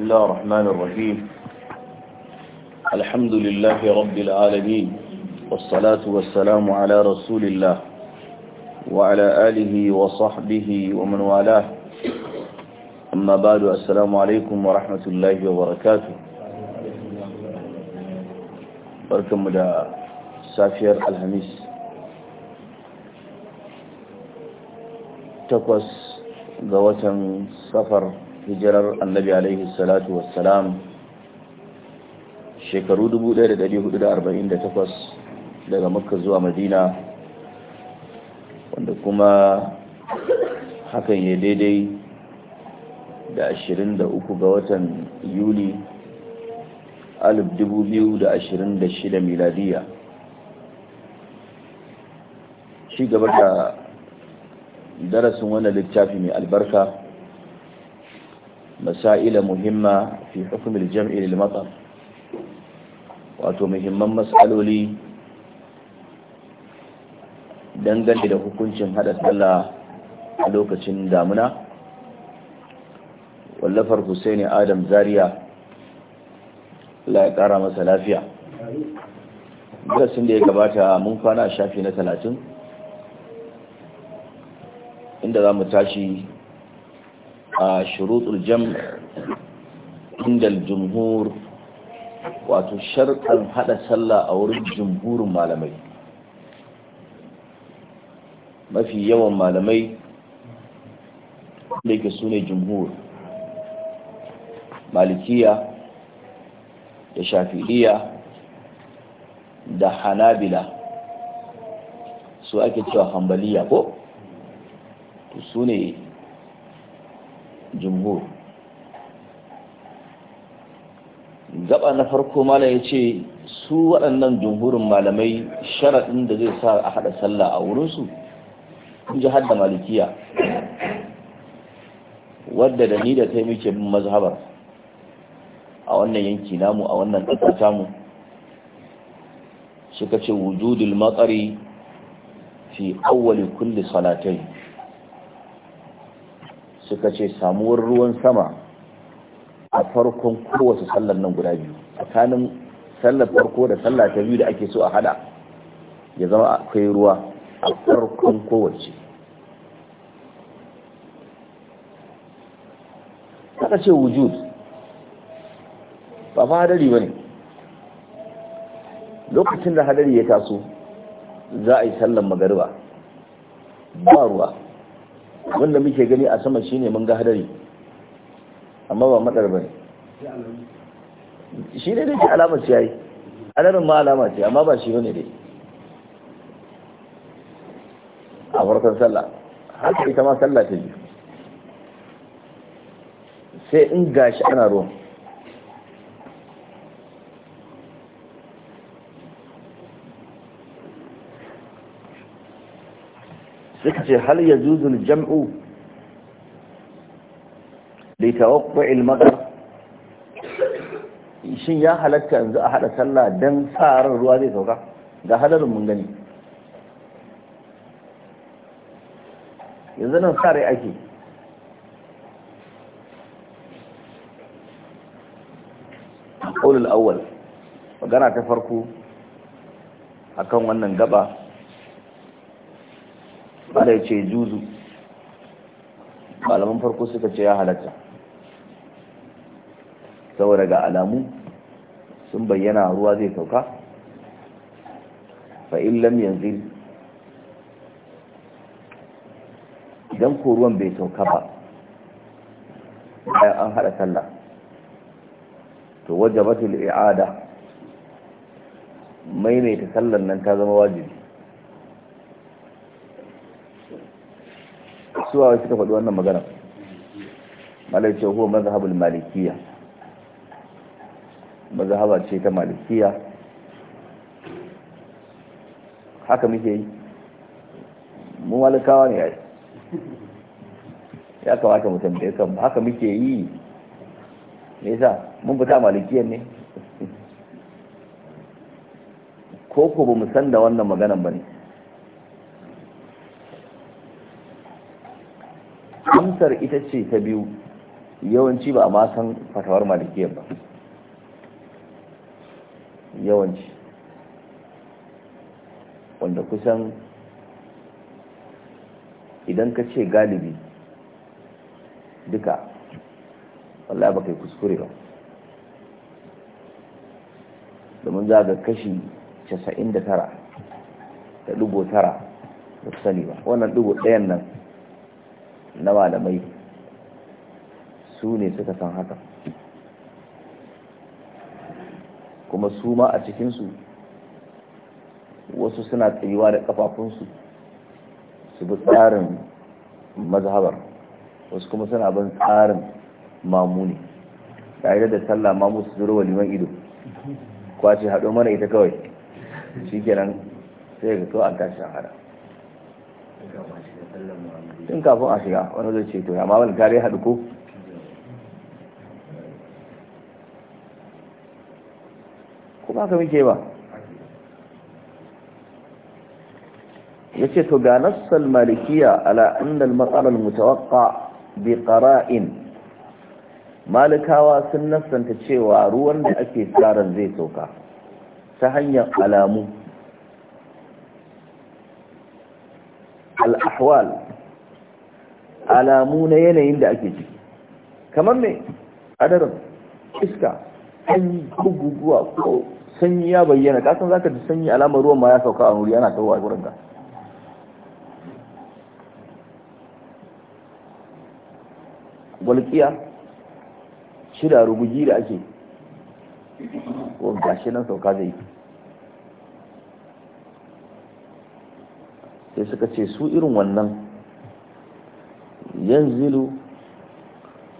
بسم الله الرحمن الرحيم الحمد لله رب العالمين والصلاة والسلام على رسول الله وعلى آله وصحبه ومن والاه أما بعد السلام عليكم ورحمة الله وبركاته بركم دا سافير الهميس تقوس قوة سفر hijirar annabi alaihi salatu wassalam shekaru 1448 daga makka zuwa madina wanda kuma hakan ya daidai da 23 ga watan yuli 2026 miladiya shi gaba da darasin wani littafi mai albarka Masa'ila مهمة في حكم الجمع للمطر wato muhimman matsaloli dangane da hukuncin haɗa sallah a lokacin damuna wallafar Hussaini adam zaria la ya kara masa lafiya darasin da ya gabata mun kwana shafi na talatin inda za mu tashi shurutul jam inda jumhur wato sharɗin haɗa sallah a wurin jumhurin malamai mafi yawan malamai da yake su ne jumhur malikiya da shafi'iyya da hanabila su ake cewa hambaliya ko su ne jumhur gaba na farko mala ya ce su waɗannan jumhurin malamai sharaɗin da zai sa a haɗa sallah a wurinsu kun ji hadda malikiya wadda da ni da ta muke bin mazhabar a wannan yanki namu a wannan ɗaukar mu. suka ce wujudul matsari fi awwali kulli salatai suka ce samuwar ruwan sama a farkon kowace sallar nan guda biyu tsakanin sallar farko da sallar ta biyu da ake so a hada ya zama akwai ruwa a farkon kowace Ta ce wujud ba hadari ba ne lokacin da hadari ya taso za a yi sallar magariba ba ruwa wanda muke gani a sama shine mun ga hadari amma ba matsar bane shi ne dai alamar ce yayi alamin ma alama ce amma ba shi bane dai a farkon sallah haka ita ma sallah ta biyu sai in gashi ana ruwan suka ce hal ya zuzul jam'u da tawakwa ilmakar shin ya halatta yanzu a haɗa sallah don ran ruwa zai sauka ga hadarin mun gani yanzu nan sa rai ake ƙaunar awwal magana ta farko akan wannan gaba kada ya ce juzu malaman farko suka ce ya halatta saboda ga alamu sun bayyana ruwa zai sauka fa'in yanzu idan ko ruwan bai sauka ba bayan an haɗa sallah to wajabatul i'ada maimaita sallar nan ta zama wajibi suwa wai suka faɗi wannan magana malai ce huwa mazhabul malikiya mazhaba ce ta malikiya haka muke yi mu malikawa ne ai ya kamata mu tambaye kan haka muke yi me yasa mun fita malikiyan ne ko ko ba mu san da wannan maganan ba ne amsar ita ce ta biyu yawanci ba a ma san fatawar malikiya ba yawanci wanda kusan idan ka ce galibi duka wallahi ba kai kuskure ba domin za ga kashi 99 da dubu tara da sani ba wannan dubu ɗayan nan na malamai su ne suka san haka kuma su ma a cikinsu wasu suna tsayuwa da kafafunsu su bi tsarin mazhabar wasu kuma suna bin tsarin mamuni tare da sallah mamu su zuru wa liman ido kwace haɗo mana ita kawai shi kenan sai ga kawai an tashi shahara. tun kafin a shiga wani zai ce to ya wani kare haɗu ko kuma ka muke ba ya ce to ga nassal malikiya ala annal matsalar mutawakka bi ƙara'in malikawa sun nassanta cewa ruwan da ake tsaron zai sauka ta hanyar alamu al'ahwal alamu na yanayin da ake ciki kamar mai adarin iska an ko guguwa ko sanyi ya bayyana kasan za ka ji sanyi alamar ruwan ma ya sauka a wuri ana tawo a wurin ka walƙiya shida rubugi da ake ko gashi nan sauka zai yi sai suka ce su irin wannan yanzilu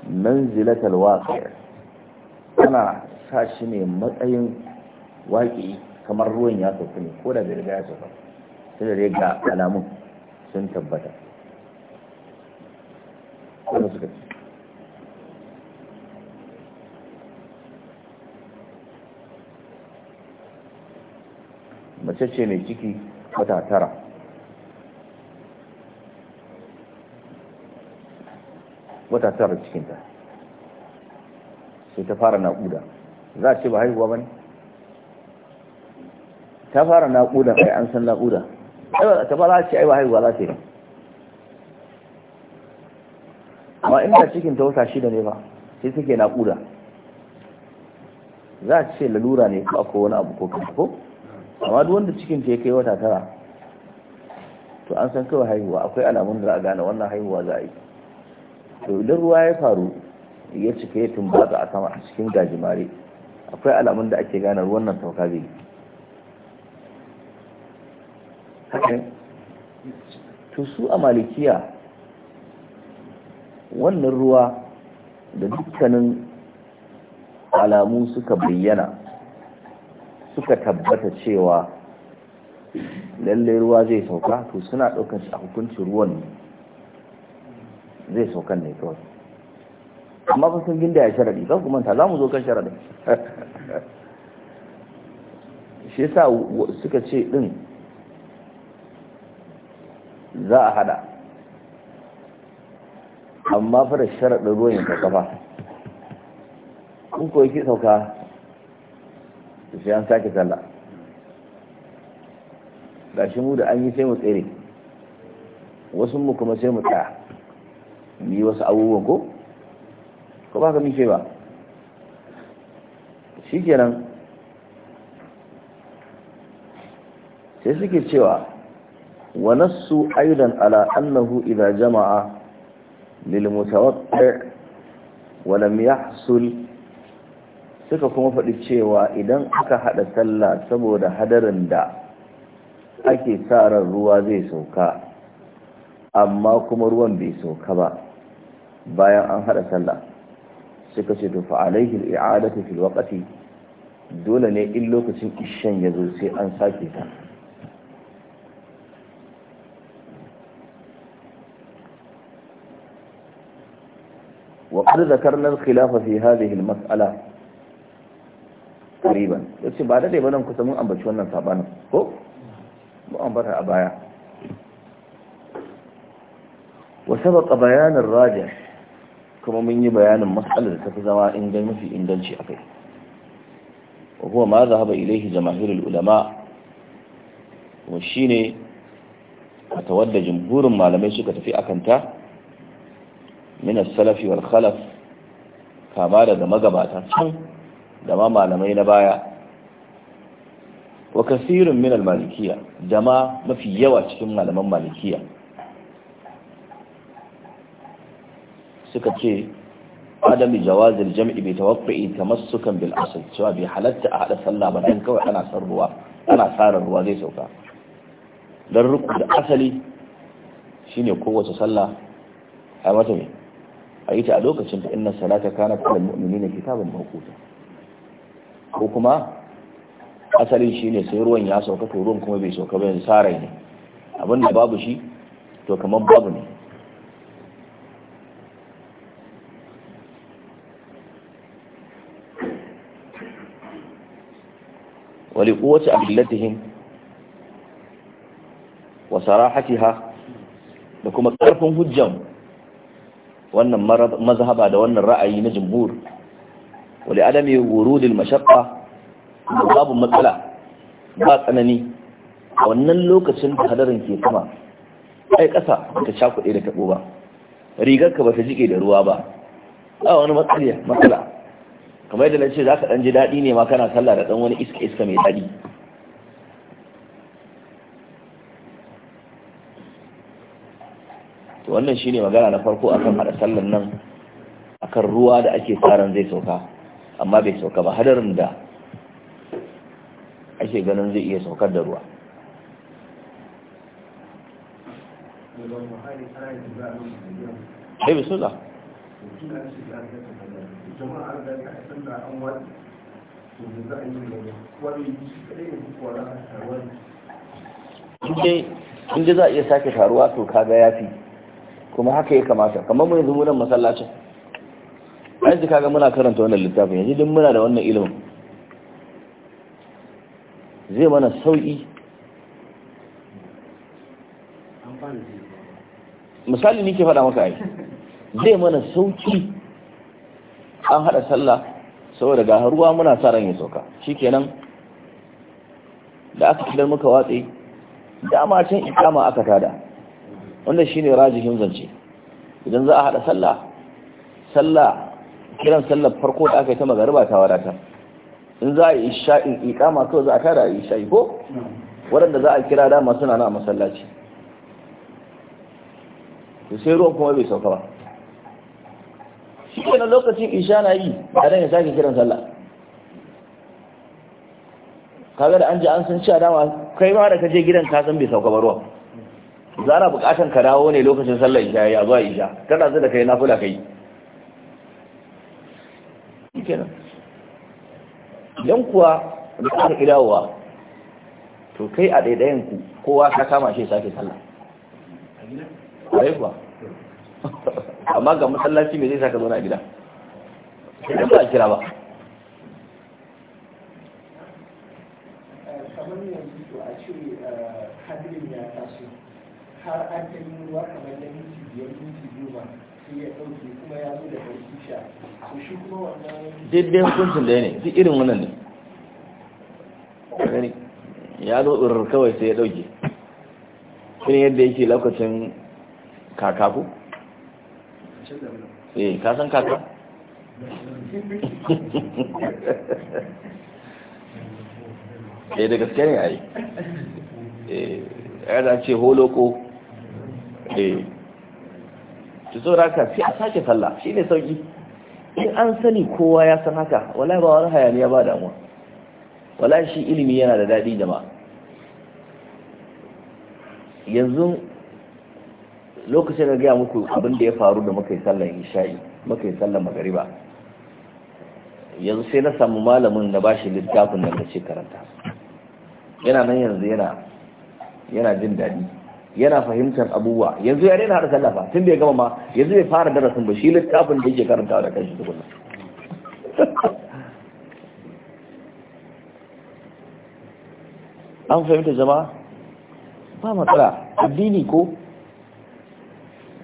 manzilatal waqi' ana sa shi ne matsayin waƙi kamar ruwan ya sauka ne ko da bai riga ya sauka sai da riga alamun sun tabbata mace ce mai ciki wata tara wata tara cikinta sai ta fara naƙuda za a ce ba haihuwa ba ne ta fara naƙuda kai an san naƙuda ta ba za a ce ai ba haihuwa za ta yi amma ta cikin ta wata shida ne ba sai suke naƙuda za a ce lalura ne ko akwai wani abu ko ko amma duk wanda cikin ta ya kai wata tara to an san kawai haihuwa akwai alamun da za a gane wannan haihuwa za a yi to idan ruwa ya faru ya cika ya tumbatsa a sama a cikin gajimare akwai alamun da ake gane ruwan nan sauka zai to su a malikiya wannan ruwa da dukkanin alamu suka bayyana suka tabbata cewa lallai ruwa zai sauka to suna ɗaukar shi a hukuncin ruwan zai saukan ne kawai amma ba sun ginda ya sharadi ba kuma ta zamu zo kan sharaɗi. shi yasa suka ce din za a hada amma fa da sharadin ruwan ya kafa fa kun koyi ki sauka sai an sake sallah shi mu da an yi sai mu tsere wasu mu kuma sai mu tsaya ni wasu abubuwan ko ko ba ka muke ba shi kenan sai suke cewa wa aidan ala annahu idan jama'a lil mutawaqi' wa lam yahsul suka kuma faɗi cewa idan aka haɗa sallah saboda hadarin da ake sa ruwa zai sauka amma kuma ruwan bai sauka ba bayan an hada sallah suka ce to fa alaihi al-i'adatu fil waqti dole ne in lokacin ishan ya zo sai an sake ta وقد ذكرنا الخلاف في هذه المسألة قريبا yace ba dade ba nan kusa mun ambaci wannan sabanin ko mu ambata a baya wa sabaqa bayan ar kuma mun yi bayanin matsalar da tafi zama ingan mafi inganci a kai wa huwa ma zahaba ilaihi jama'irul ulama shi ne a tawadda jimburin malamai suka tafi a kanta. minas salafi wal khalaf kama daga magabata can da ma malamai na baya wa kasirin minal malikiya dama da ma mafi yawa cikin malaman malikiya. suka ce adami jawazil jam'i bai tawaffi tamassukan bil asl cewa bai halatta a hada sallah ba dan kawai ana san ruwa ana sarar ruwa zai sauka don ruku da asali shine kowace sallah a yi mata ne a yi ta a lokacin da inna salata kana kalal mu'minina kitaban mawquta ko kuma asalin shine sai ruwan ya sauka to ruwan kuma bai sauka ba yanzu sarai ne abinda babu shi to kamar babu ne ولقوة أدلتهم وصراحتها لكم كرفهم هجم وأن مذهب هذا وأن الرأي نجمهور ولعدم ورود المشقة babu matsala ba tsanani a wannan lokacin da hadarin ke sama ƙasa ba ta kuɗe da taɓo ba rigar ka ba ta da ruwa ba a wani matsala kamar yadda na ce za ka ɗan ji daɗi ne ma kana sallah da ɗan wani iska iska mai daɗi to wannan shine magana na farko akan haɗa sallan nan akan ruwa da ake tsaron zai sauka amma bai sauka ba hadarin da ake ganin zai iya saukar da ruwa Hey, Bismillah. in dai za a iya sake taruwa to kaga ya fi kuma haka ya kamata kamar mu yanzu munan masallacin yanzu kaga muna karanta wannan littafin yanzu duk muna da wannan ilimin zai mana sauƙi misali ni ke faɗa maka aiki zai mana sauki an haɗa sallah saboda ga ruwa muna sa ran ya sauka shikenan da aka kidar muka watse dama can ikama aka tada wanda shine rajihin zance idan za a haɗa sallah sallah kiran sallar farko da aka yi ta magariba ta wadata in za a yi isha'in ikama kawai za a tara yi isha'i ko waɗanda za a kira dama suna na masallaci sai ruwan kuma bai sauka ba shi na lokacin isha na yi a dan ya sake kiran sallah kaga da an ji an san cewa dama kai ma da ka je gidan ka san bai sauka ba ruwa za bukatan ka dawo ne lokacin sallar isha ya zuwa isha kada zai da kai na fula kai kenan yan kuwa da aka ƙi to kai a ɗaiɗayan ku kowa ka kama shi sake sallah a kuwa amma ga masallaci me zai saka zauna a gida sai ba a kira ba eh, eh, har an ta yi ruwa kamar da minti biyar minti goma sai ya ɗauke kuma ya zo da ɗauki sha to shi kuma wannan daidai hukuncin da ne duk irin wannan ne ya zo tsoron kawai sai ya ɗauke shi yadda yake lokacin kakaku eh ka san kaka eh da gaske ne ai eh ya ce holoko eh ki so raka sai a sake sallah shine sauki in an sani kowa ya san haka wallahi ba wani hayaniya ba damuwa wallahi shi ilimi yana da dadi jama'a yanzu lokacin da gaya muku abin da ya faru da muka yi sallar isha'i muka yi sallar magariba yanzu sai na samu malamin ba bashi littafin da ce karanta yana nan yanzu yana yana jin daɗi yana fahimtar abubuwa yanzu ya daina da sallah tun da ya gama ma yanzu bai fara darasin ba shi littafin da yake karanta da kanshi tukuna an fahimta jama'a ba matsala addini ko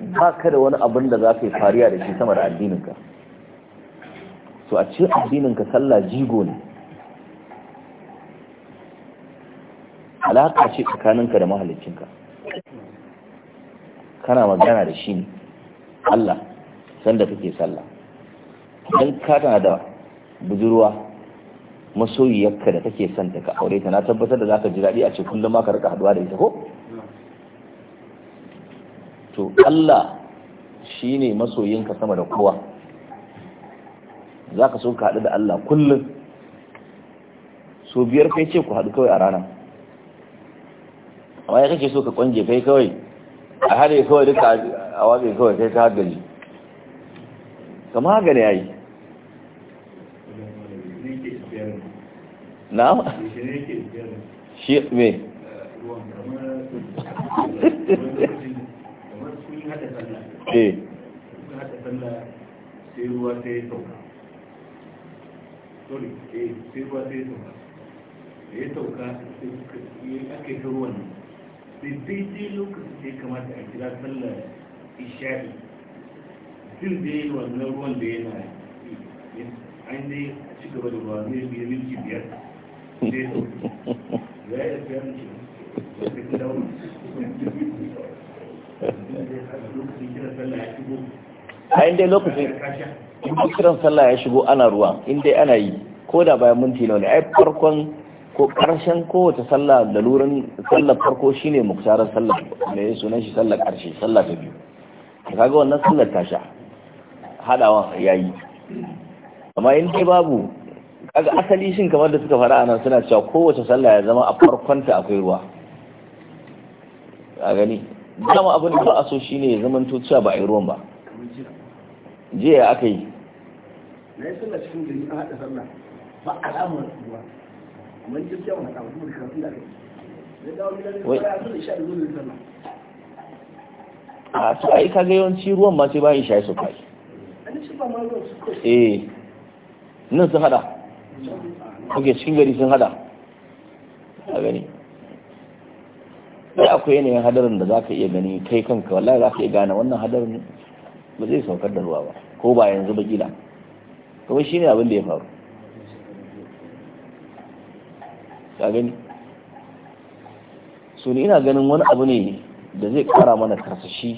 baka da wani abin da za ka yi fariya da shi sama da addininka so a ce addininka sallah jigo ne alaƙa ce tsakaninka da mahalicinka kana magana da shi ne Allah sanda kake sallah don ka da budurwa masoyiyarka da kake son ka aure ta na tabbatar da zaka ji daɗi a ce kullum ma ka rika haɗuwa da ita ko Allah shi ne masoyinka sama da kowa za ka so ka haɗu da Allah kullum so biyar kai ce ku haɗu kawai a rana amma ya kake so ka kwange kai kawai a haɗe kawai duka a watsa kawai kai ka hagali kama ne ya yi na? shi ne eh sai kamata a kira sallar isha'i sun da da yana an dai da ruwa a inda lokacin in kiran sallah ya shigo ana ruwa inda ana yi ko da bayan minti nawa ne ai farkon ko karshen kowace sallah da lurin farko shine muktarar sallah me ya sunan shi sallar karshe sallah ta biyu kaga wannan sallar ta sha hadawa yi amma in dai babu kaga asali shin kamar da suka fara anan suna cewa kowace sallah ya zama a farkonta akwai ruwa a gani dama abin da ba a so shine ya zama cewa ba a yi ruwan ba jiya aka yi na yi sallah cikin gari an haɗa sallah ba alamar ruwa amma ni wani kuma da kai dawo ba ya isha da zuwa sallah a yi ai kaga yawanci ruwan ma sai bayan isha su kai eh nan sun hada kuke cikin gari sun hada a gani sai akwai yanayin hadarin da zaka ka iya gani kai kanka wallahi za ka iya gane wannan hadarin ba zai saukar da ruwa ba ko ba yanzu ba gida kuma shi ne abin da ya faru ka gani ina ganin wani abu ne da zai kara mana karsashi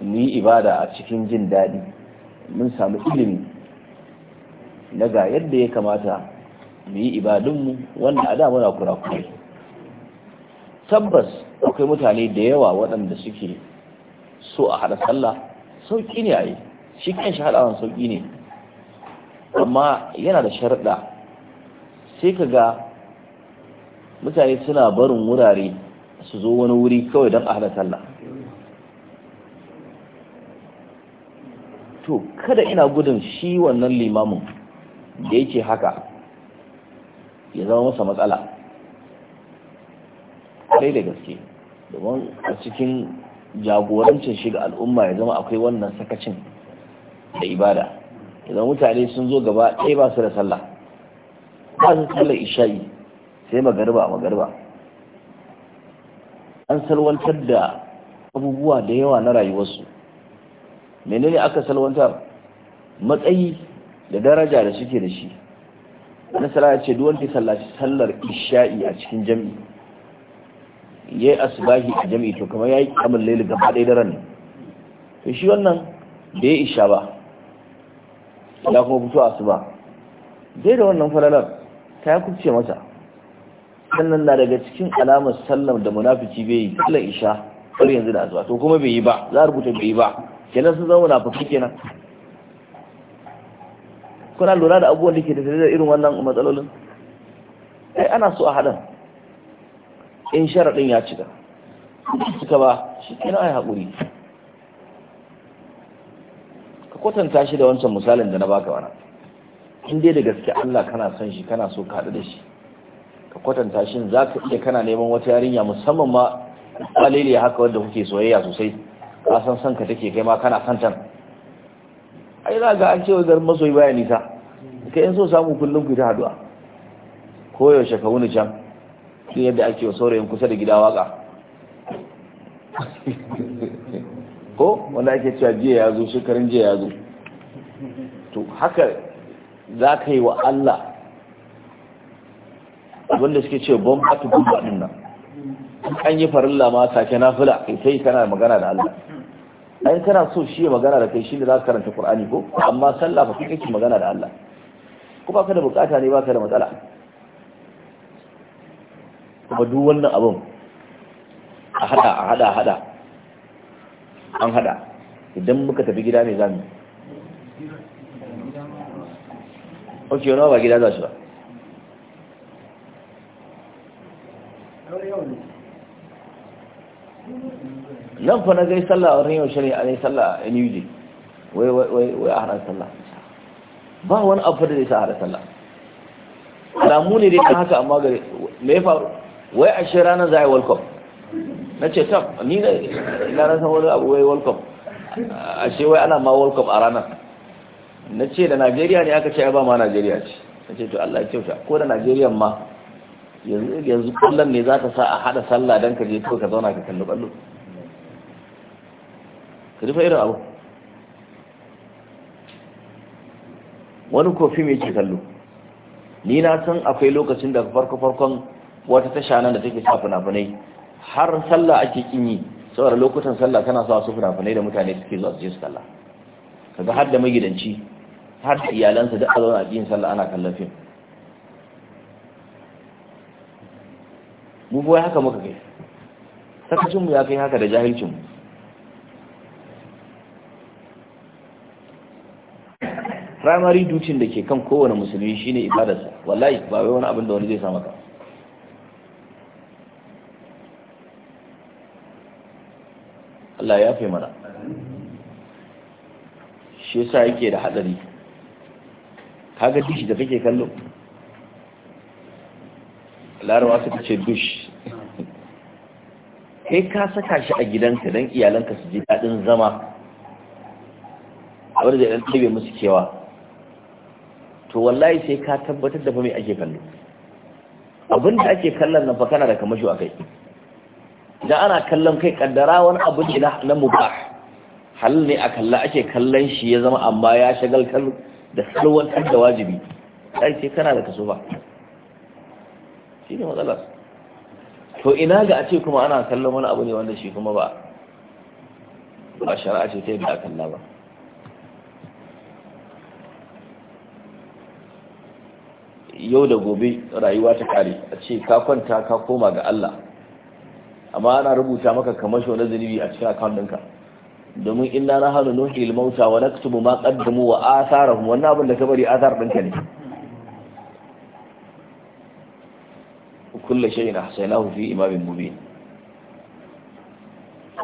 mu yi ibada a cikin jin daɗi mun samu ilimi na yadda ya kamata mu yi ibadunmu wanda a da muna kurakurai tabbas akwai mutane da yawa waɗanda suke so a haɗa sallah sauƙi ne a yi shi kan shi haɗawan sauƙi ne amma yana da sharaɗa sai ka ga mutane suna barin wurare su zo wani wuri kawai don a haɗa sallah to kada ina gudun shi wannan limamin da yake haka ya zama masa matsala kwarai da gaske domin a cikin jagorancin shi ga al'umma ya zama akwai wannan sakacin da ibada idan mutane sun zo gaba ɗaya ba su da sallah ba su sallar isha'i sai magarba magarba an salwantar da abubuwa da yawa na rayuwarsu menene aka salwantar matsayi da daraja da suke da shi na ya ce duwanti sallaci sallar isha'i a cikin jam'i ya yi asibahi a jami'i to kamar ya yi kamar lele gaba ɗaya daren ne to shi wannan da ya isha ba ya kuma fito asuba dai da wannan falalar ta ya kuce mata. sannan na daga cikin alamar sallam da munafici bai yi sallar isha har yanzu da asuba to kuma bai yi ba za a rubuta bai yi ba kenan sun zama fafi kenan kuna lura da abubuwan da ke da irin wannan matsalolin ai ana so a haɗa? in sharaɗin ya cika cika ba shi kina ai haƙuri ka kwatanta shi da wancan misalin da na baka wani in dai da gaske Allah kana son shi kana so ka da shi ka kwatanta shi za ka iya kana neman wata yarinya musamman ma kwalili haka wadda kuke soyayya sosai ka san son ka take kai ma kana son tan ai za ga an ce wajen masoyi baya nisa ka in so samu kullum ku ta haduwa koyaushe ka wuni can sai yadda ake wa saurayin kusa da gida waka ko wanda ake cewa jiya ya zo shekarun jiya ya zo to haka za ka yi wa Allah wanda suke ce bomba ta bomba din nan an yi farilla ma sake fula kai sai kana magana da Allah ai kana so shi ya magana da kai shi da za ka karanta Qur'ani ko amma sallah kai kake magana da Allah ko ba ka da bukata ne ba ka da matsala kuma duk wannan abin a hada a hada hada an hada idan muka tafi gida mai zami ok yana ba gida za su ba nan fa na gai sallah a wurin yau a ne sallah a new day wai wai wai a haɗar sallah ba wani abu da zai sa haɗar sallah alamu ne dai kan haka amma gari, me faru wai a shi ranar za a yi welcome na ce tam ni da ranar san wani abu wai welcome a shi wai ana ma welcome a ranar na ce da najeriya ne aka ce ya ba ma najeriya ce na ce to allah kyauta ko da najeriya ma yanzu kullum ne za ka sa a hada sallah don ka je to ka zauna ka kalli ballo ka rufe irin abu wani kofi mai ke kallo ni na san akwai lokacin da farko-farkon wata tasha nan da take sa fina-finai har sallah ake kinyi saboda lokutan sallah tana sa su fina-finai da mutane suke zuwa su je su kalla kaga har da magidanci har da iyalansa da azon addinin sallah ana kallon fim mu kuwa haka muka kai sakacin mu ya kai haka da jahilcin mu primary duty da ke kan kowane musulmi shine ibadarsa wallahi ba wai wani abin da wani zai samu ka. Allah ya fi mana shi sa yake da hatsari kaga Dushi da kake kallo larawa suka ce dush kai ka saka shi a gidanka don iyalanka su ji daɗin zama wadda ɗan ɗan musu kewa to wallahi sai ka tabbatar da fa mai ake kallo abinda ake kallon nan fa kana da kamasho a kai da ana kallon kai kaddara wani abu ne na mubah hal ne a kalla ake kallon shi ya zama amma ya shagal kan da salwantar da wajibi sai ce kana da kaso ba shi ne to ina ga a ce kuma ana kallon wani abu ne wanda shi kuma ba ba shari'a ce ta yi da kalla ba yau da gobe rayuwa ta kare a ce ka kwanta ka koma ga Allah amma ana rubuta maka kamar shi wani zunubi a cikin account ɗinka domin inna na hannu nuhi ilmauta wa naktubu ma qaddamu wa atharahum wannan abin da ka bari athar ɗinka ne kullu shay'in ahsaynahu fi imamin mubin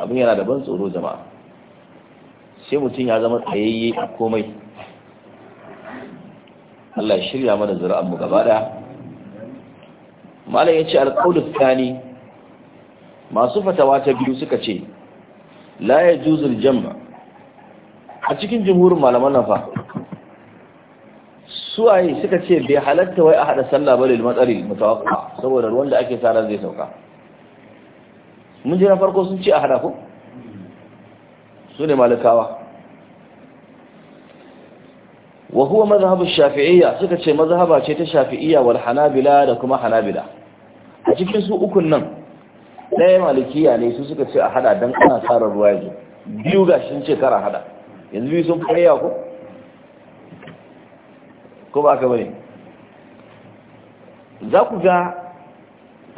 abin yana da ban tsoro jama'a sai mutum ya zama tsayayye a komai Allah ya shirya mana zuri'an mu gaba daya malam yace alqaulu thani masu fatawa ta biyu suka ce la ya juzul jamma a cikin jimhurin malaman nafa suwaye suka ce bai halatta wai a hada sallah ba lil matsari mutawaqqa saboda ruwan da ake tsara zai sauka mun ji na farko sun ce a hada ko su ne malakawa wa huwa mazhabu shafi'iyya suka ce mazhaba ce ta shafi'iyya wal hanabila da kuma hanabila a cikin su ukun nan ɗaya malikiya ne su suka ce a hada don ana tsara ruwa yanzu biyu ga shi ce kara hada yanzu biyu sun fariya ko ko ba ka bane za ku ga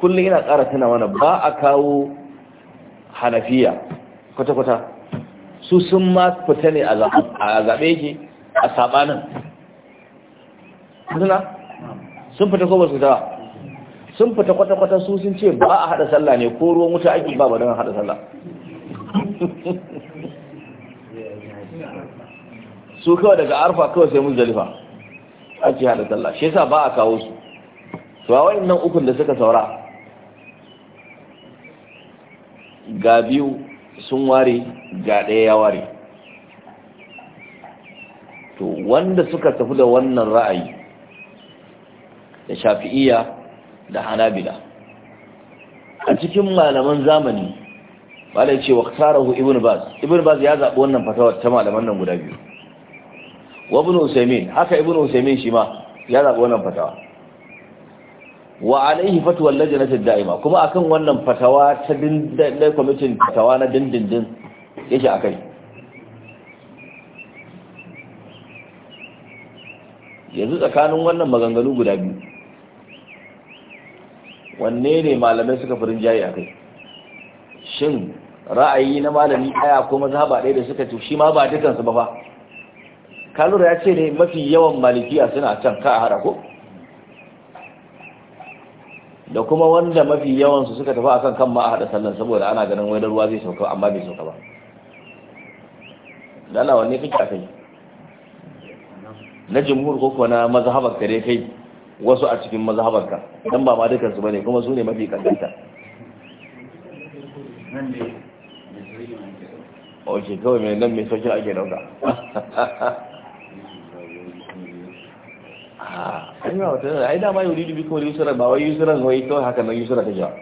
kullum yana ƙara tana wani ba a kawo hanafiya kwata-kwata su sun ma fita ne a zaɓe yake a saɓanin suna sun fita ko ba su dawa sun fita kwata-kwata su sun ce ba a haɗa sallah ne ko ruwan wuta ake ba ba don haɗa sallah su kawai daga arfa kawai sai zalifa ake haɗa sallah shi yasa ba a kawo su to a nan ukun da suka saura ga biyu sun ware ga ɗaya ya ware to wanda suka tafi da wannan ra'ayi da shafi'iyya da hanabila a cikin malaman zamani malai ce waktarahu ibn baz ibn baz ya zaɓi wannan fatawar ta malaman nan guda biyu wa ibn usaymin haka ibn usaymin shi ma ya zaɓi wannan fatawa wa alaihi fatuwar lajinatin da'ima kuma akan wannan fatawa ta dindindin kwamitin fatawa na dindindin yake a kai yanzu tsakanin wannan maganganu guda biyu wanne ne malamai suka furin jayi a kai shin ra'ayi na malami ɗaya ko mazhaba ɗaya da suka ce shi ma ba dukansu ba fa kalura ya ce ne mafi yawan malikiya suna can ka a hada ko da kuma wanda mafi yawansu suka tafi akan kan ma a hada sallan saboda ana ganin wai ruwa zai sauka amma bai sauka ba lalawa ne kake a kai na jimhur ko kuwa na mazhabar kare kai wasu a cikin mazhabarka dan ba ma dukansu bane kuma su ne mafi kaddanta oke kawai mai nan mai saukin ake dauka ah, ina yi wata yana ai dama yuri dubi kuma yusura ba wai yusura wai to haka nan yusura ta jawa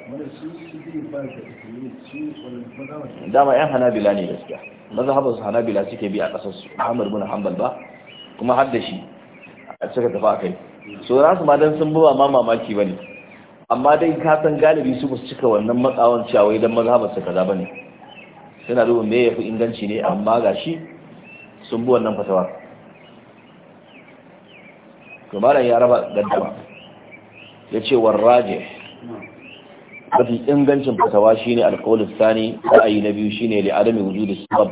dama yan hanabila ne gaskiya mazhabar su hanabila suke bi a kasar su ahmad bin hanbal ba kuma har da shi a cika tafi a kai so za su madan sun ba ma mamaki ba ne, amma dai ka san galibi su musu cika wannan matsawan idan maza ba su kaza ba ne, suna duba me yafi inganci ne amma gashi sun bi wannan fatawa to malam ya raba gaddama yace warraje mafi ingancin fatawa shine alkawalin sani ra'ayi na biyu shine ne adami wujudu sabab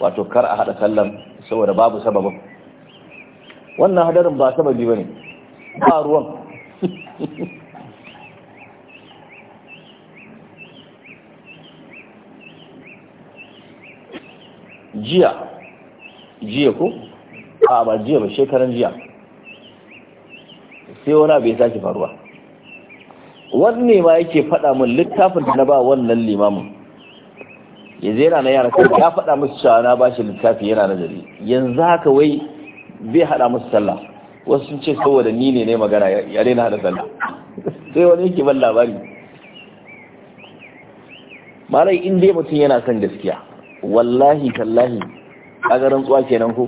wato kar a haɗa sallan saboda babu sababin wannan hadarin ba sababi ba ne ba ruwan jiya jiya ko a ba jiya ba shekaran jiya sai wani abu ya sake faruwa wanne ma yake faɗa min littafin da na ba wannan limamin ya zai yana na yara ya faɗa musu cewa na ba shi littafi yana nazari yanzu haka wai zai hada musu sallah wasu sun ce saboda ni ne ne magana ya daina hada sallah sai wani yake ban labari malai in dai mutum yana son gaskiya wallahi a garin tsuwa kenan ko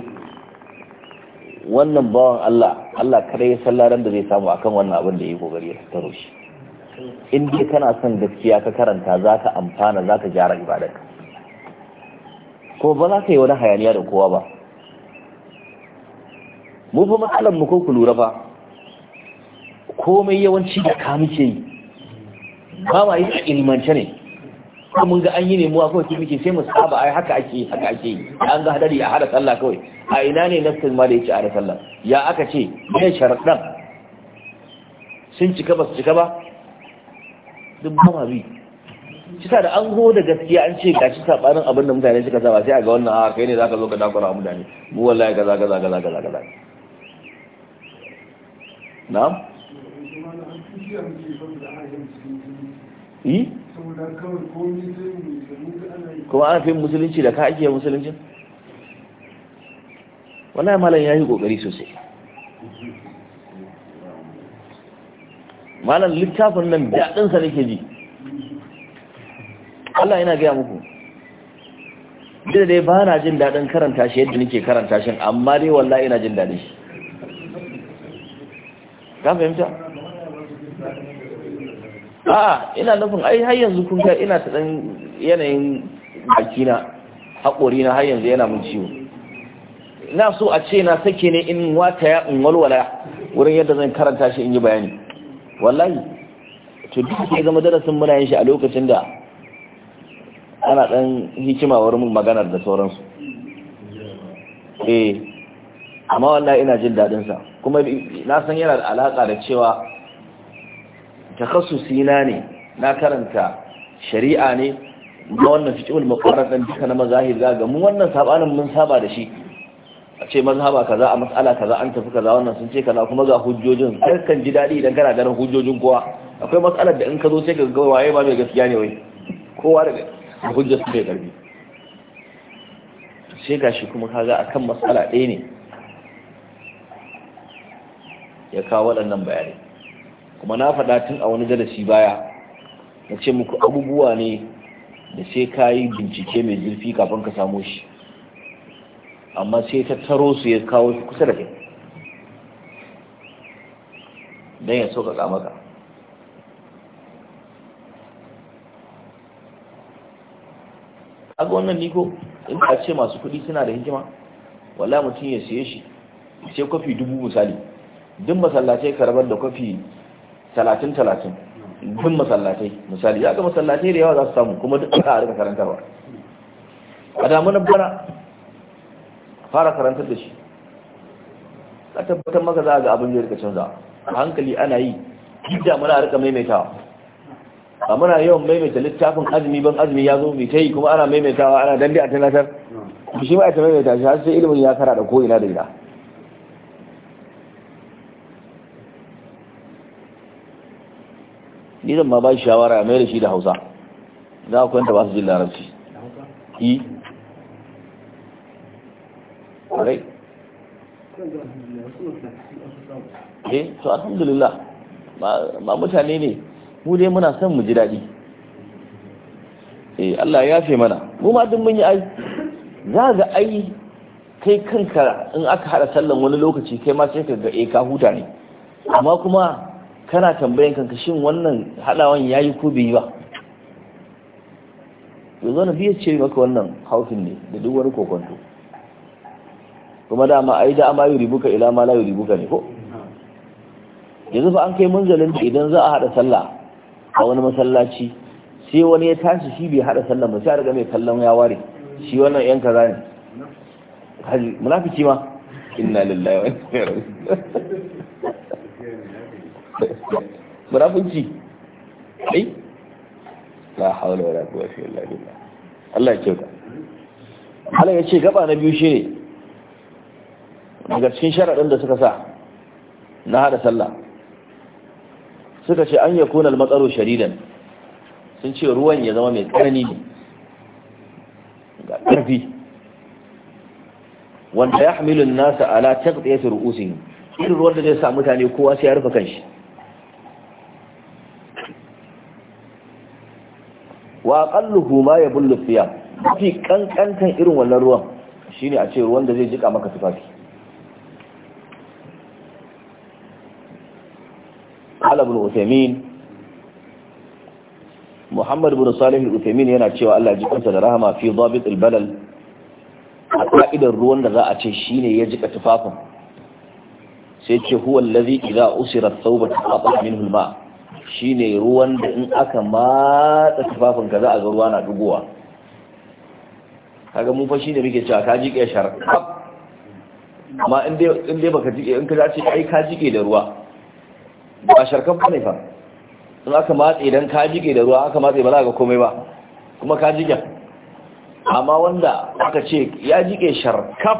wannan bawan Allah Allah kada ya san laran da zai samu akan wannan abin da ya yi kokari ya taro shi in dai kana son gaskiya ka karanta za ka amfana za ka gyara ibadarka ko ba za ka yi wani hayaniya da kowa ba mu fa mu ko ku lura ba, komai yawanci da ka muke yi ba ma yi a ilmance ne ko mun ga an yi nemo mu a kawai muke sai mu saba ai haka ake yi haka ake yi an ga hadari a hada sallah kawai a ina ne nafsin ma da yake a hada sallah ya aka ce ne sharaɗan sun cika ba su cika ba duk ba ma bi cika da an go da gaskiya an ce shi sabanin abin da mutane suka saba sai a ga wannan a ah, kai ne za ka zo ka dakura mutane mu wallahi kaza kaza kaza kaza kaza na'am eh? kuma ana fi musulunci da ka ake musuluncin wallahi malam ya yi kokari sosai malam littafin nan daɗinsa nake ji Allah yana gaya muku duk da dai ba na jin daɗin karanta shi yadda nake karanta shi amma dai wallahi ina jin daɗin shi ka fahimta a ina nufin ai har yanzu kun ga ina ta dan yanayin bakina haƙori na har yanzu yana mun ciwo na so a ce na sake ne in wataya in walwala wurin yadda zan karanta shi in yi bayani wallahi to duk ke zama darasin muna yin shi a lokacin da ana dan hikimawar mun maganar da sauransu eh amma wallahi ina jin dadin sa kuma na san yana da alaka da cewa takhassusi na ne na karanta shari'a ne na wannan fiqhul muqarrad din duka na mazahir ga mu wannan sabanin mun saba da shi a ce mazhaba kaza a mas'ala kaza an tafi kaza wannan sun ce kaza kuma ga hujjojin kan ji dadi idan kana ganin hujjojin kowa akwai mas'alar da in ka zo sai ka ga waye ba mai gaskiya ne wai kowa da hujjar su bai garbi sai gashi kuma kaga akan mas'ala ɗaya ne ya kawo waɗannan bayanai kuma na faɗa tun a wani darasi baya na ce muku abubuwa ne da sai ka yi bincike mai zurfi kafin ka samo shi amma sai ta taro su ya kawo su kusa da kai don ya sauƙaƙa maka aga wannan niko in ka ce masu kuɗi suna da hikima wala mutum ya siye shi sai kwafi dubu misali duk masallatai karbar da kwafi talatin talatin duk masallatai misali ya ga masallatai da yawa za su samu kuma duk aka harika karantarwa a damu na bana fara karantar da shi a tabbatar maka za a ga abin da ya rika canza a hankali ana yi duk da muna rika maimaitawa a muna yawan maimaita littafin azumi ban azumi ya zo mai ta yi kuma ana maimaitawa ana dandi a tunatar shi ma maimaita shi har sai ilimin ya kara da ko ina da ina ni zan ma ba shi shawara ya mai da shi da hausa za a kwanta ba su jin larabci yi ƙwarai eh to alhamdulillah ba mutane ne mu dai muna son mu ji daɗi eh Allah ya fi mana mu ma duk mun yi ai za ga ai kai kanka in aka haɗa sallan wani lokaci kai ma sai ka ga eh ka huta ne amma kuma kana tambayan kanka shin wannan haɗawan ya yi ko bai yi ba yanzu na fiye ce maka wannan haufin ne da duk wani kokonto kuma dama ai da ma yuri ribuka ila ma la yuri ribuka ne ko yanzu fa an kai munzalin da idan za a haɗa sallah a wani masallaci sai wani ya tashi shi bai haɗa sallah ba sai a riga mai kallon ya ware shi wannan yan kaza ne haji munafiki ma inna lillahi wa inna ilaihi munafunci ai la haula wala quwwata illa billah Allah ya kyauta Allah ya ce gaba na biyu shine daga cikin sharadin da suka sa na hada sallah suka ce an yakuna al-matsaru sharidan sun ce ruwan ya zama mai tsanani ne ga ƙarfi wanda ya hamilu nasa ala taqdiyati ru'usihim irin ruwan da zai sa mutane kowa sai ya rufe kanshi wa aqalluhu ma yabullu siyam fi kankantan irin wannan ruwan shine a ce ruwan da zai jika maka tufafi Ala ibn Uthaymeen Muhammad ibn Salih al-Uthaymeen yana cewa Allah ji kansa da rahama fi dhabit al-balal a ka'idar ruwan da za a ce shine ya jika tufafin sai ce huwa allazi idza usira thawba taqata minhu al-ma' shine ruwan da in aka matsa tufafin ka za a ga ruwa na dugowa kaga mun fa ne muke cewa ka jike sharqab amma in dai in dai baka jike in ka ce ai ka jike da ruwa ba sharqab ne fa in aka matsa idan ka jike da ruwa aka matsa ba za ga komai ba kuma ka jike amma wanda aka ce ya jike sharkaf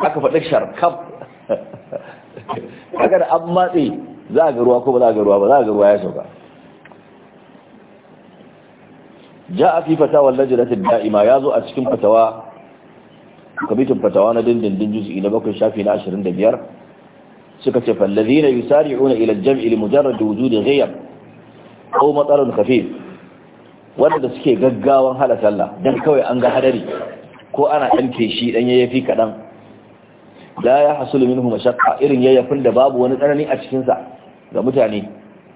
aka faɗi sharkaf Kaga da an matsa za a ga ruwa ko ba za a ga ruwa ba za a ga ruwa ya sauka ja a fi fatawa lajinatin da'ima ya zo a cikin fatawa kamitin fatawa na dindindin juzi na bakwai shafi na ashirin da biyar suka ce fallazi na yusari una ilal jam'i li mujarrad da wujudi ko matsalar kafe wanda suke gaggawan hada sallah dan kawai an ga hadari ko ana dan feshi dan yayyafi kaɗan? la ya hasulu minhu mashaqqa irin yayyafin da babu wani tsanani a cikin sa ga mutane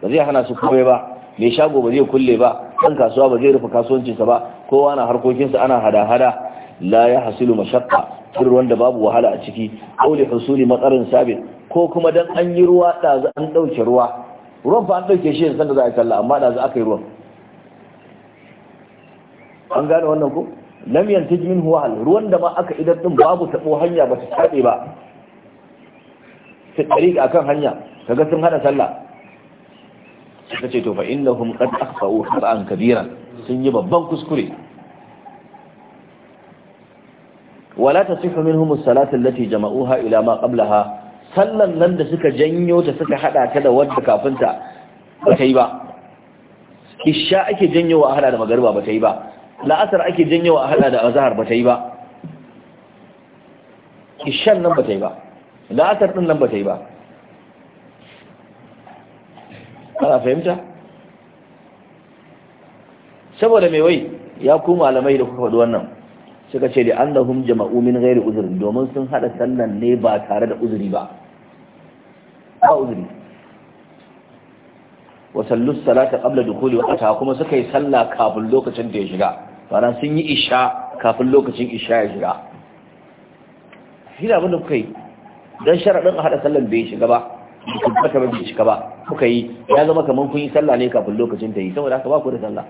ba zai hana su komai ba mai shago ba zai kulle ba kan kasuwa ba zai rufe kasuwancinsa ba kowa na harkokinsa ana hada-hada la ya hasilu mashakka tun ruwan da babu wahala a ciki aure hasuli matsarin sabit ko kuma dan an yi ruwa ɗazu an ɗauke ruwa ruwan fa an ɗauke shi yanzu da za a yi sallah amma ɗazu aka yi ruwan an gane wannan ko lam yantij minhu wahal ruwan da ma aka idan din babu tabo hanya ba ta tabe ba ta tsari akan hanya kaga sun hada sallah suka ce to fa innahum qad akhfa'u khata'an kabiran sun yi babban kuskure wala tasihhu minhum as-salatu allati jama'uha ila ma qablaha sallan nan da suka janyo ta suka hada ta da wadda kafin ba ta yi ba isha ake janyo wa hada da magariba ba ta yi ba la'asar ake janyo wa hada da azhar ba ta yi ba ishan nan ba ta yi ba la'asar din nan ba ta yi ba ana fahimta saboda mai wai ya kuma malamai da kuka faɗi wannan suka ce da hun jama'u min gairi uzuri domin sun haɗa sallan ne ba tare da uzuri ba ba uzuri wa sallu salata qabla dukhuli waqta kuma suka yi sallah kafin lokacin da ya shiga bana sun yi isha kafin lokacin isha ya shiga shi da abin da kuka yi dan sharadin hada sallan bai shiga ba baka ba bai cika ba kuka yi ya zama kamar kun yi sallah ne kafin lokacin ta yi saboda haka ba ku da sallah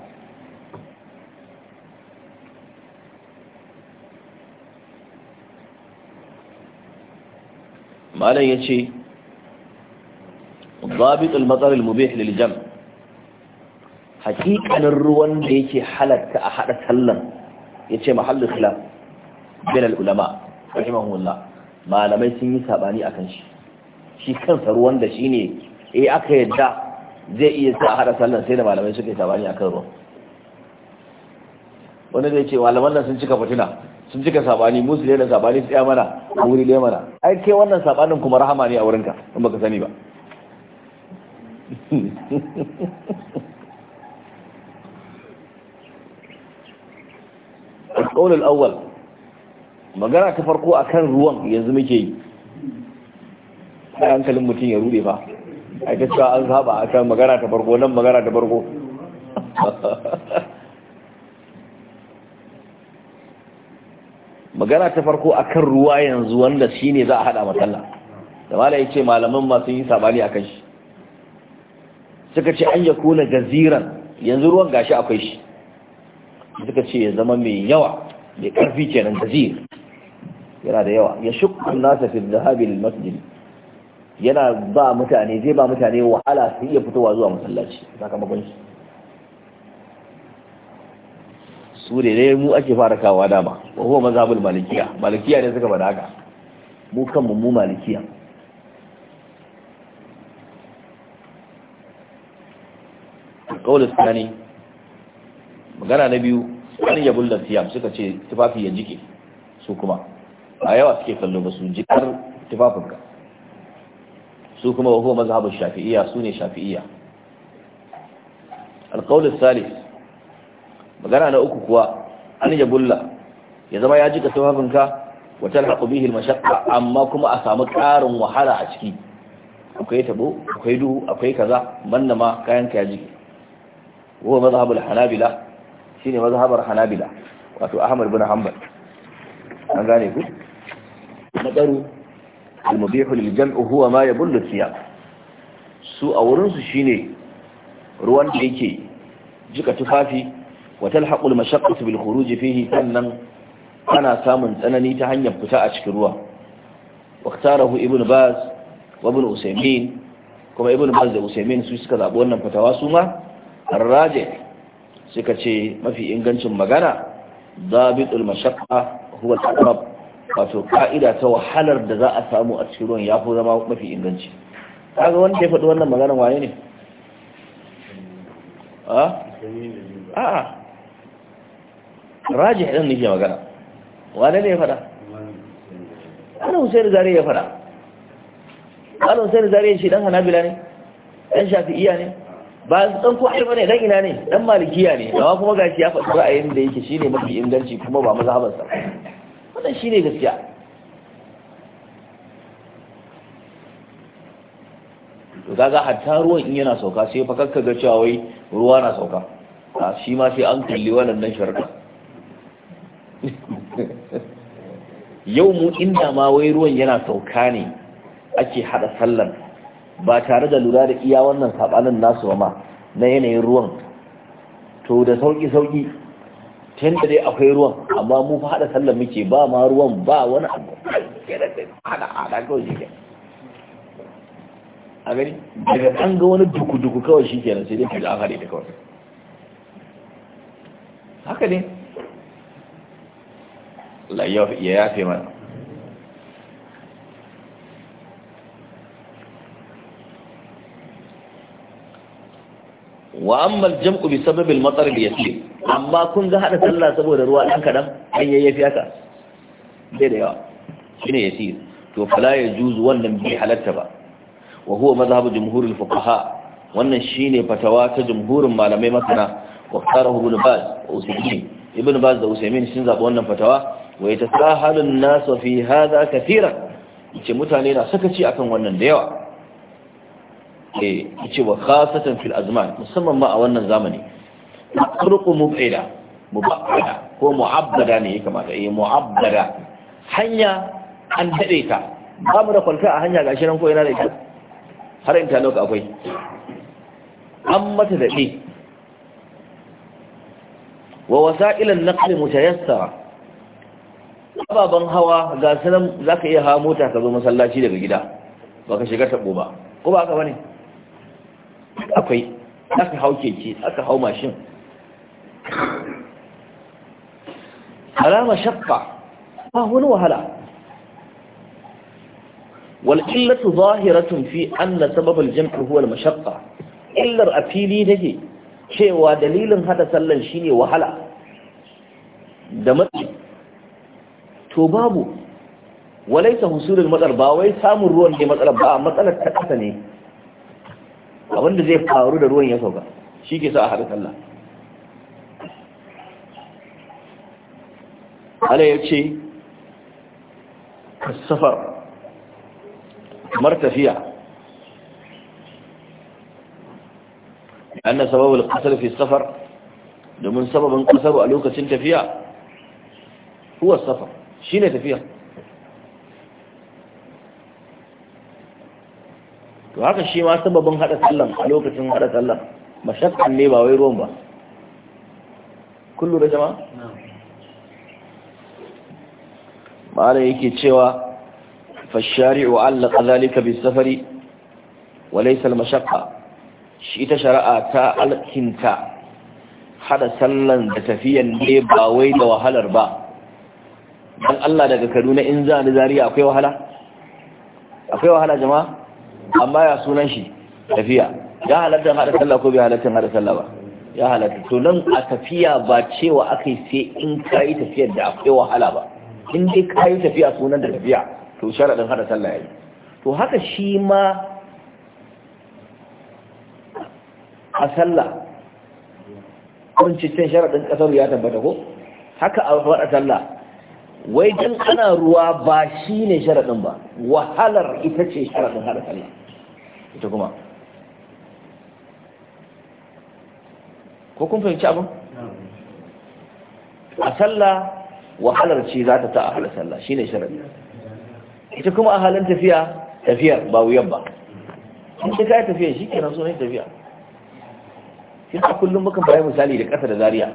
malam ya ce babitul matsalar mubih lil jam hakikanin ruwan da yake halatta a hada sallan yace ce mahallin khilaf bin al ulama rahimahullah malamai sun yi sabani akan shi shi kansa ruwan da ne, e aka yadda zai iya sa a hada sallan sai da malamai suke sabani kan ruwan wani zai ce malaman nan sun cika fitina sun cika sabani ne da sabani su tsaya mana a wuri ne mana ai ke wannan sabanin kuma rahama ne a wurinka in baka sani ba القول الأول magana ta farko akan ruwan yanzu muke yi sai hankalin mutum ya rude ba a an saba a kan magana ta farko nan magana ta farko magana ta farko a kan ruwa yanzu wanda shi ne za a haɗa matsala da mala ya ce malaman masu yi sabani a kan shi suka ce an ya kuna gaziran yanzu ruwan gashi akwai shi suka ce ya zama mai yawa mai ƙarfi kenan gazir yana da yawa ya shukun nasa fi zahabin masjid yana ba mutane zai ba mutane wahala su iya fitowa zuwa masallaci sakamakon shi su ne mu ake fara kawo dama ba kuma mazabul malikiya malikiya ne suka bada haka mu kanmu mu malikiya su gani magana na biyu wani yabul da siyam suka ce tufafi ya jike su kuma a yawa suke kallo ba su jikar tufafinka su kuma wa huwa mazhabin shafi'iyya su ne shafi'iyya alƙaunin salis magana na uku kuwa an yabulla ya zama ya jika tufafinka wata alhaƙu bihil mashakka amma kuma a samu ƙarin wahala a ciki akwai tabo akwai duhu akwai kaza manna ma kayan ka ya jike wa mazhabul hanabila shine mazhabar hanabila wato ahmad bin hanbal an gane ku na al-mubihu lil jam'u huwa ma yabullu siyaq su a wurinsu shine ruwan da yake jika tufafi wa talhaqu al-mashaqqatu bil khuruj fihi sannan ana samun tsanani ta hanyar fita a cikin ruwa waktarahu ibn baz wa ibn kuma ibn bas da usaymin su suka zabi wannan fatawa su ma arraje suka ce mafi ingancin magana dabitul mashaqqa huwa al-aqrab wato ka'ida ta wahalar da za a samu a cikin ruwan ya fi zama mafi inganci kaga wanda ya faɗi wannan maganar waye ne a rajih haɗin nufi magana wane ne ya faɗa ana husaini zare ya faɗa ana husaini zare shi ɗan hanabila ne ɗan shafi'iya ne ba su ɗan kuwa ba ne ɗan ina ne ɗan malikiya ne amma kuma gashi ya faɗi ra'ayin da yake shine mafi inganci kuma ba mazhabarsa wannan ne gaskiya to ga hatta ruwan in yana sauka sai fa kakka ga cewa wai ruwa na sauka a shi ma sai an kalli wannan sharka yau mu inda ma wai ruwan yana sauka ne ake hada sallar ba tare da lura da iya wannan sabanin nasu ba ma na yanayin ruwan to da sauki sauki ta yadda dai akwai ruwan amma mu fa haɗa sallar muke ba ma ruwan ba wani abu haɗa haɗa kawai shi ke a gani daga an ga wani duku-duku kawai shi kenan sai dai ka ji an haɗe da kawai haka ne Allah ya yafe mana wa jam'u bi sababil matar da yasir amma kun ga hada sallah saboda ruwa dan kadan an yayyafi haka bai da yawa shine yasir to fala juzu wannan bai halatta ba wa huwa madhhabu jumhurul fuqaha wannan shine fatawa ta jumhurin malamai masana wa qarahu ibn baz wa usaymin ibn baz da usaymin sun zaba wannan fatawa wa yatasahalu an-nas fi hadha kathiran ce mutane na sakaci akan wannan da yawa eh wa khasatan fil azman musamman ma a wannan zamani turqu mubida mubakkada ko mu'abbada ne ya kamata yi eh, mu'abbada hanya an dade ta ba mu da kwalta a hanya gashi ran ko yana da ita har in ta lokaci akwai an mata dade wa wasa'ilan naql mutayassara ababan hawa ga sanan zaka iya hawa mota ka zo masallaci daga gida baka shiga tabo ba ko ba haka bane akwai aka hau keke aka hau mashin alama shakka ba wani wahala wal'illatu zahiratun fi anna sababal jam'i huwa al-mashaqqa illar a fili take cewa dalilin hada sallan shine wahala da matsi to babu walaita husulul matsar ba wai samun ruwan ne matsalar ba matsalar ta ƙasa ne Wanda zai faru da ruwan ya sauka shi ke sa a haɗu sallah ala ya ce safar kamar tafiya sababin ƙasar fi safar, domin لمن ƙasar a lokacin tafiya, تفيا safar, shi ne tafiya. to haka shi ma sababin haɗa sallan a lokacin haɗa sallan mashakkan ne ba wai ruwan ba kullu da jama'a ma'ana yake cewa fashari'u allaka zalika bis safari wa laysa shi ita shari'a ta alkinta hada sallan da tafiyan ne ba wai da wahalar ba dan Allah daga Kaduna in za ni zariya akwai wahala akwai wahala jama'a amma ya sunan shi tafiya ya halatta hada sallah ko bai halatta hada sallah ba ya halatta to nan a tafiya ba cewa aka yi sai in ka yi tafiyar da akwai wahala ba in dai ka yi tafiya sunan da tafiya to sharaɗin hada sallah ya yi to haka shi ma a sallah kuncicin sharaɗin ƙasar ya tabbata ko haka a faɗa sallah wai jin ana ruwa ba shi ne sharaɗin ba wahalar ita ce sharaɗin hada sallah ita kuma ko kun fahimci abin a sallah wahalar ce za ta ta a halar sallah shi ne shirin. ita kuma a halin tafiya tafiyar ba wuyan ba in ka yi tafiya shi ke nan so tafiya shi ta kullum muka bayi misali da ƙasa da zariya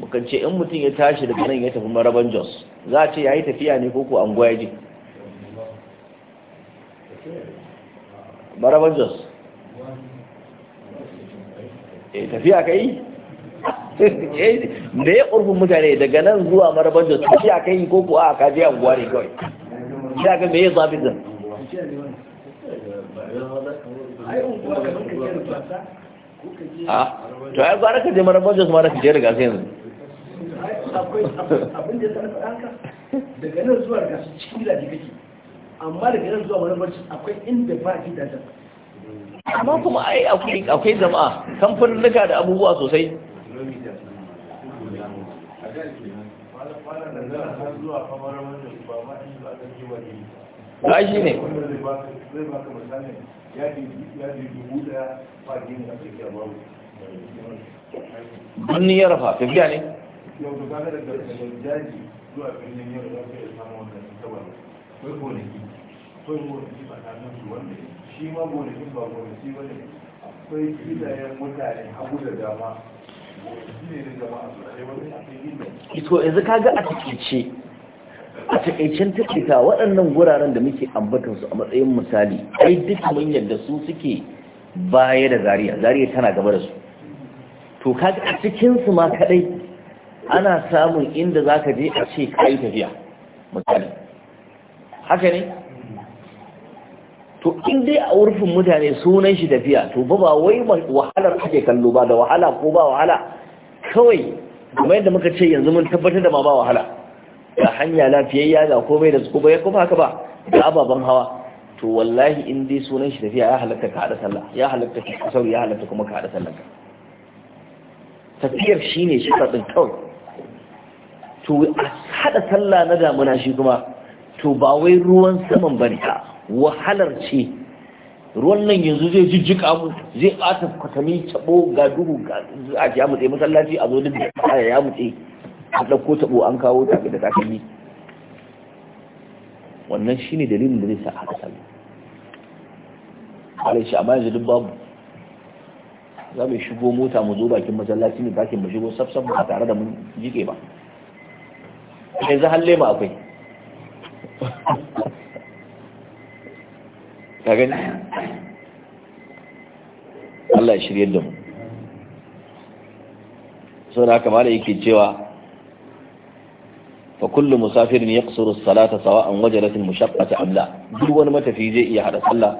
mukan ce in mutum ya tashi daga nan ya tafi maraban jos za a ce ya yi tafiya ne ko ko an goya barabar jos eh tafiya ka yi da ya eh, ƙurfin mutane daga nan zuwa marabar jos tafiya ka yi ko kuwa a kaji a ne kawai shi aka me ya zafin zan a to ya gwara ka je marabar jos ma ka je daga sai yanzu abin da ya sanar daga nan zuwa ga cikin gidaje kake amma daga nan zuwa wani barci akwai inda ba a gidajen amma kuma ai akwai akwai jama'a kamfanin daga da abubuwa sosai ba shi ne ya rafa tafiya ne yau da daga daji zuwa samu wannan ne. akwai gonaki tsakanin su wanda shi ma gonaki ba gonaki ba ne akwai gidayen mutane hagu da dama ito yanzu kaga a takaice a takaicen takaita waɗannan wuraren da muke ambatansu a matsayin misali ai duk mun yadda su suke baya da zariya zariya tana gaba da su to kaga a cikinsu ma kadai ana samun inda za ka je a ce kai tafiya misali haka ne to in dai a wurfin mutane sunan shi tafiya to ba ba wai wahalar ake kallo ba da wahala ko ba wahala kawai kuma yadda muka ce yanzu mun tabbatar da ma ba wahala ga hanya lafiyayya ga komai da tsuko ya kuma haka ba da ababen hawa to wallahi in dai sunan shi tafiya ya halatta ka hada sallah ya halatta ka sau ya halatta kuma ka hada sallah tafiyar shine shi kadin kawai to hada sallah na damuna shi kuma to ba wai ruwan saman ba ne wahalar ce ruwan nan yanzu zai jijjika mu zai ɓata kwatami taɓo ga duhu a ji ya masallaci a zo duk da ya mutse a ɗauko taɓo an kawo tafi da takalmi wannan shine dalilin da zai sa aka sallah alai shi amma yanzu duk babu za mu shigo mota mu zo bakin masallaci ne bakin mu shigo safsaf ba tare da mun jike ba yanzu halle ma akwai ka Allah ya shirye da mu So da haka yake cewa fa kullu musafirin yaqsuru as-salata sawa'an wajadat al-mushaqqata am la duk wani matafi zai iya hada sallah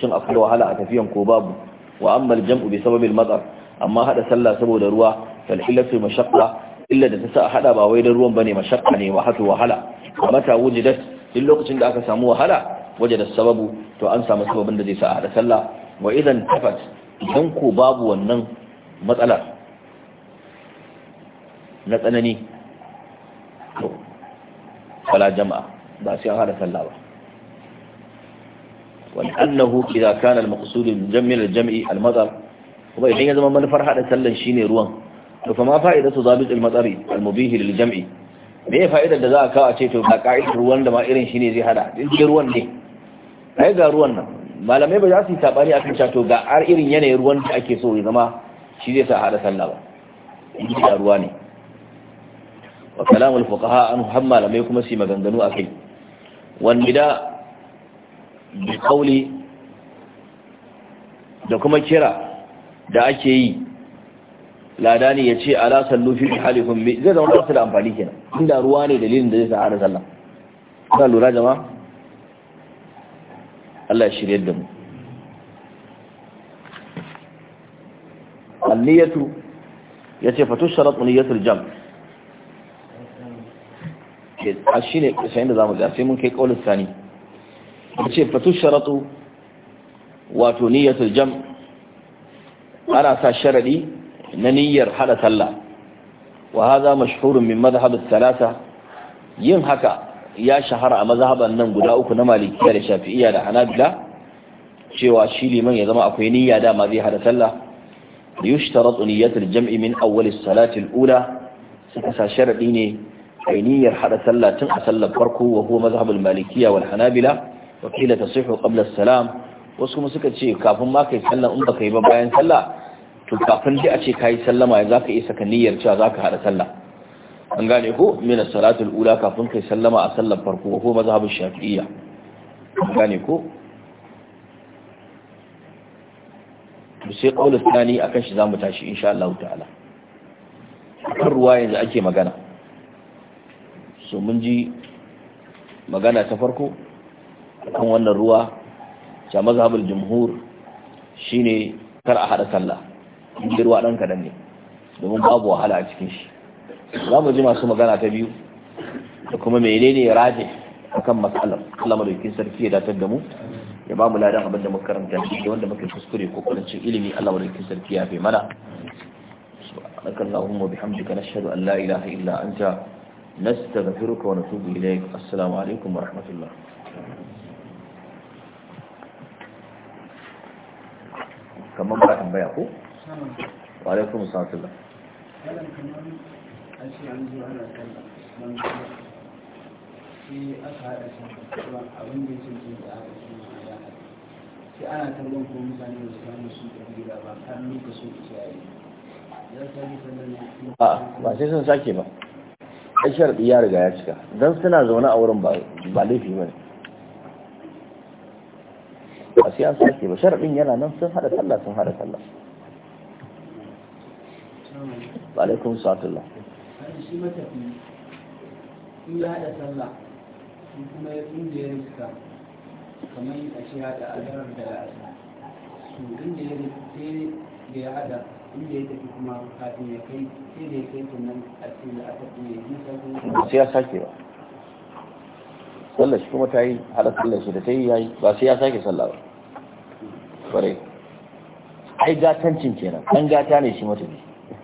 shin akwai wahala a tafiyan ko babu wa amma al-jam'u bi sababi al amma hada sallah saboda ruwa fal hillatu mashaqqa illa da ta sa hada ba wai da ruwan bane mashaqqa ne wa hatu wahala mata wujidat duk lokacin da aka samu wahala waje da sababu to an samu sababin da zai sa a hada wa idan tafat idan ko babu wannan matsalar na tsanani to fala jama'a ba sai an hada sallah ba ولأنه إذا كان المقصود من الجمع المطر وبقى إذا ما من فرحة تسلن شيني روان فما فائدة al المطر المبيه للجمع me ya fa'idar da za a kawo a ce to ga ka'idar ruwan da ma irin shi ne zai hada jirgin ruwan ne ai ga ruwan nan malamai ba za su yi sabani akan cewa to ga ar irin yanayin ruwan da ake so ya zama shi zai sa hada sallah ba in ji ruwa ne wa kalamul fuqaha an ham malamai kuma su yi maganganu akai wan bida bi qawli da kuma kira da ake yi ladani ya ce ala sallu fi halikum bi zai zama su da amfani kenan inda ruwa ne dalilin da zai sa sallah ka lura jama'a Allah ya shirye da mu ya ce fatu sharat niyatu jam ke shine sai da zamu ga sai mun kai kaulin sani ce fatu sharatu wato niyatu jam ana sa sharadi na niyyar hada sallah wa hadha mashhurun min madhhab thalatha yin haka ya shahara a mazhaban nan guda uku na malikiya da shafi'iyya da hanabila cewa shi liman ya zama akwai niyya dama zai hada sallah yushtaratu niyyatul jam'i min awwal as-salati al-ula suka sa sharadi ne ai niyyar hada sallah tun a sallar farko wa huwa mazhabul malikiyya wal hanabila wa qila tasihhu qabla as-salam wasu kuma suka ce kafin ma kai sallah in baka yi ba bayan sallah to kafin dai a ce kayi sallama ya zaka iya saka niyyar cewa zaka hada sallah an gane ko min as-salatu al-ula kafin kai sallama a sallar farko ko mazhabin shafi'iyya an gane ko to sai qaulul thani akan shi zamu tashi insha Allah ta'ala kan ruwa yanzu ake magana so mun ji magana ta farko kan wannan ruwa ta mazhabul jumhur shine kar a hada sallah in ruwa ɗan kaɗan ne domin babu wahala a cikin shi za mu ji masu magana ta biyu da kuma menene raje akan matsalar Allah madaukakin sarki ya datar da mu ya ba mu ladan abin da muka karanta da wanda muka kuskure ko karancin ilimi Allah madaukakin sarki ya fi mana subhanaka bi bihamdika ka an la ilaha illa anta nastaghfiruka wa natubu ilayk assalamu alaikum wa rahmatullah kamar ba tambaya ko wa alaikum sai ana kallon ko mutane ba ba sai sun sake ba ai ya riga ya cika don suna zaune a wurin ba laifi ba ne ba sai an sake ba yana nan sun hada sallah sun hada sallah wa alaikum salatu shi ya sallah kuma a shi su sai da ya tafi kuma kafin ya kai sai a cikin sai ya sake ba sallar shi kuma ta yi haɗa shi da ta yi ya yi ba sai ya sake sallah ba kwarai ai gatancin kenan ɗan gata ne shi matafi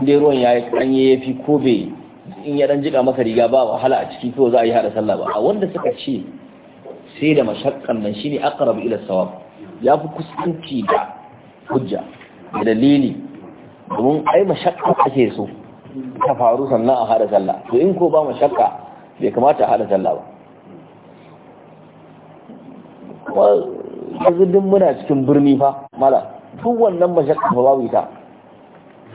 inda ruwan ya yi ya fi ko bai in ya dan jika maka riga ba wahala a ciki ko za a yi hada sallah ba a wanda suka ce sai da mashakkan nan shine aqrab ila sawab ya fi kusanci da hujja da dalili domin ai mashakka ake so ta faru sannan a hada sallah to in ko ba mashakka bai kamata a hada sallah ba yanzu duk muna cikin birni fa mala duk wannan mashakka ba babu ita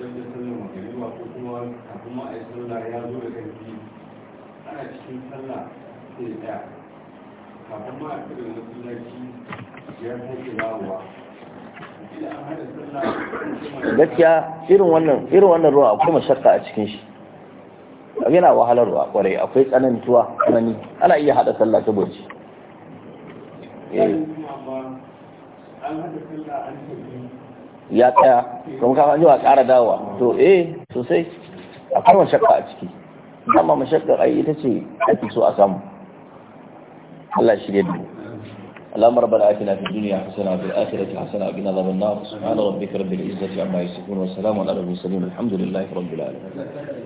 don da sallar magariba ko kuma kafin ma a yi sallah ya zo da karfi ana cikin sallah sai ɗaya kafin ma a kira da masallaci ya sake dawowa gaskiya irin wannan irin wannan ruwa akwai mashakka a cikin shi yana ruwa kwarai akwai tsanantuwa tsanani ana iya hada sallah ta boci eh. an hada sallah an tafi ya tsaya kuma kafa zuwa ƙara dawa to eh sosai a karwar shakka a ciki amma mashakkar ai ita ce ake so a samu Allah shi ne dubu al'amar bala ake na fi duniya hasana bil akira ta hasana bi na zaman na su hana rabbi karbi da izzati amma yi sukuna salamun alamun salim alhamdulillahi rabbi